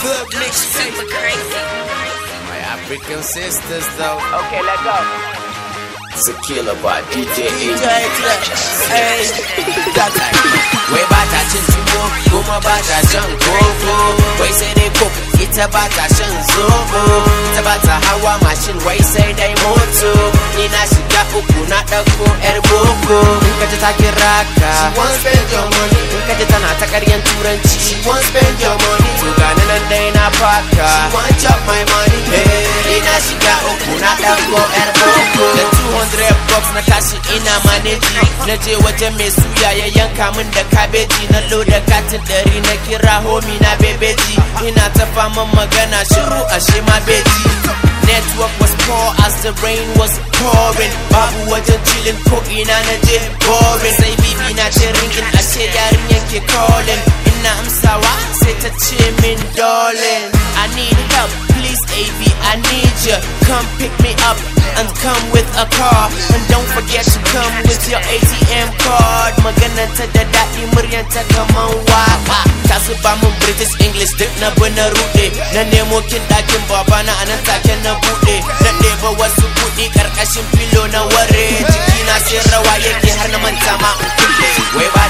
club mixtape. My African sisters, though. Okay, let's go. It's a killer by DJ Hey, we bata chinchimbo, kuma bata janko, we say they poppin'. tabata ta shan zobo tabata ta hawa mashin wai sai dai moto ni na shiga uku na ɗauko yar boko in ka ji ta kira ka in ka tana ta ƙaryan turanci to ga nan dai na faka na tashi ina maneji na je wajen mai suya ya yanka min da kabeji na loda katin ɗari na kira homi na bebeji ina ta fama magana shiru ashe ma beji network was poor as the rain was pouring babu wajen cilin ko ina na je boring sai bibi na ce ringin ashe yarin yanke calling ina amsawa sai ta ce min darling I need help. Please, AV, I need you. Come pick me up and come with a car. And don't forget to come with your ATM card. Magana ta da daɗi muryanta kaman wawa. Ta su ba British English duk na bi na ruɗe. Na nemo kin ɗakin babana a nan take na buɗe. Na ɗeba wasu kuɗi ƙarƙashin filo na ware. Jikina sai rawa yake har na manta ma in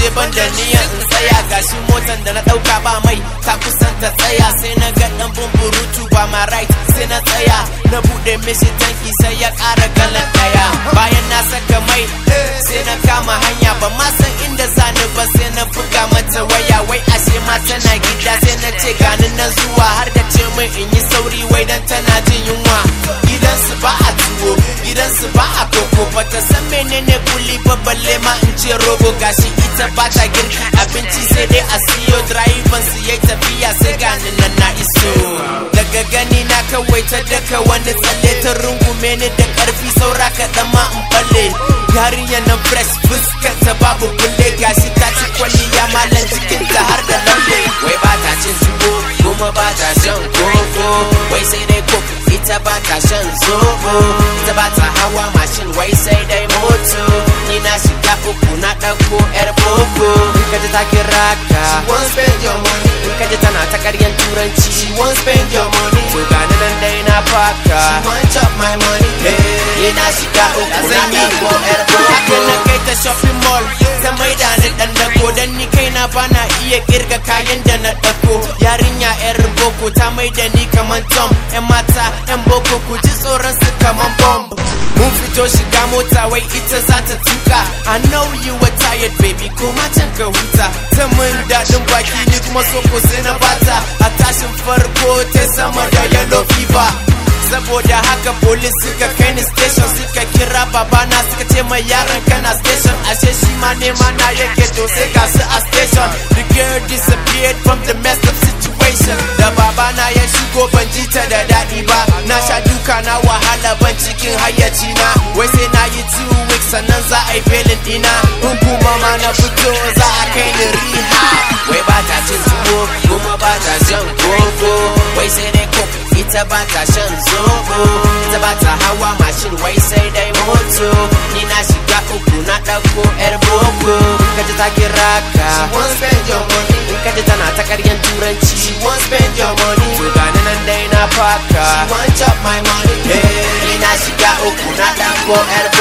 je ban da niyan in tsaya gashi motan da na dauka ba mai ta kusan ta tsaya sai na ga dan bumburutu ba ma right sai na tsaya na bude mishi tanki sai ya kara galan daya bayan na saka mai sai na kama hanya ba ma san inda zani ba sai na buga mata waya wai ashe ma tana gida sai na ce ganin nan zuwa har da ce mai in yi sauri wai dan tana jin yunwa gidansu ba a tuwo gidansu ba a koko ba ta san menene kuli ba balle ma in ce rogo gashi ita bata ta abinci sai dai a siyo driver su tafiya sai gani nan na iso daga gani na kawai ta daka wani tsalle ta rungume ni da karfi saura kaɗan ma in balle yarinya na fresh fuskar babu bulle gashi ta ci ta zobo ita ba ta hawa mashin wai sai dai moto ni na shiga uku na ɗauko yar boko ta kira ka tana ta turanci to nan dai na faka ni eh, na shiga uku na ɗauko yar boko na kai ta shopping mall ta maida ni ɗan dako dan ni kaina bana iya kirga kayan da na ɗauko yarinya yar boko ta mai da ni kaman tom yan mata yan boko ku ji tsoron su kaman bomb mun fito shiga mota wai ita za ta tuka i know you were tired baby koma can ka huta ta mun daɗin baki ni kuma so ko sai na bata a tashin farko ta sama da yellow fever saboda haka police suka kai ni station suka kira babana suka ce mai yaron kana station ashe shi ma nema na yake to sai ga su a station the girl disappeared from the mess of ko ban ji ta da daɗi ba na sha duka na wahala ban cikin hayyaci na wai sai na yi two weeks sannan za a yi felin dina in kuma ma na fito za a kai ni riha wai ba ta cin tuwo kuma ba ta shan koko wai sai dai ko. ita ba ta shan zobo ita ba ta hawa mashin wai sai dai moto ni na shiga uku na ɗauko yar boko kaji ta kira ka she won't spend your 자리한 두란치 She won't spend your money 불가능한 na paka. She won't chop my money yeah. she got 오고 나다 뭐해라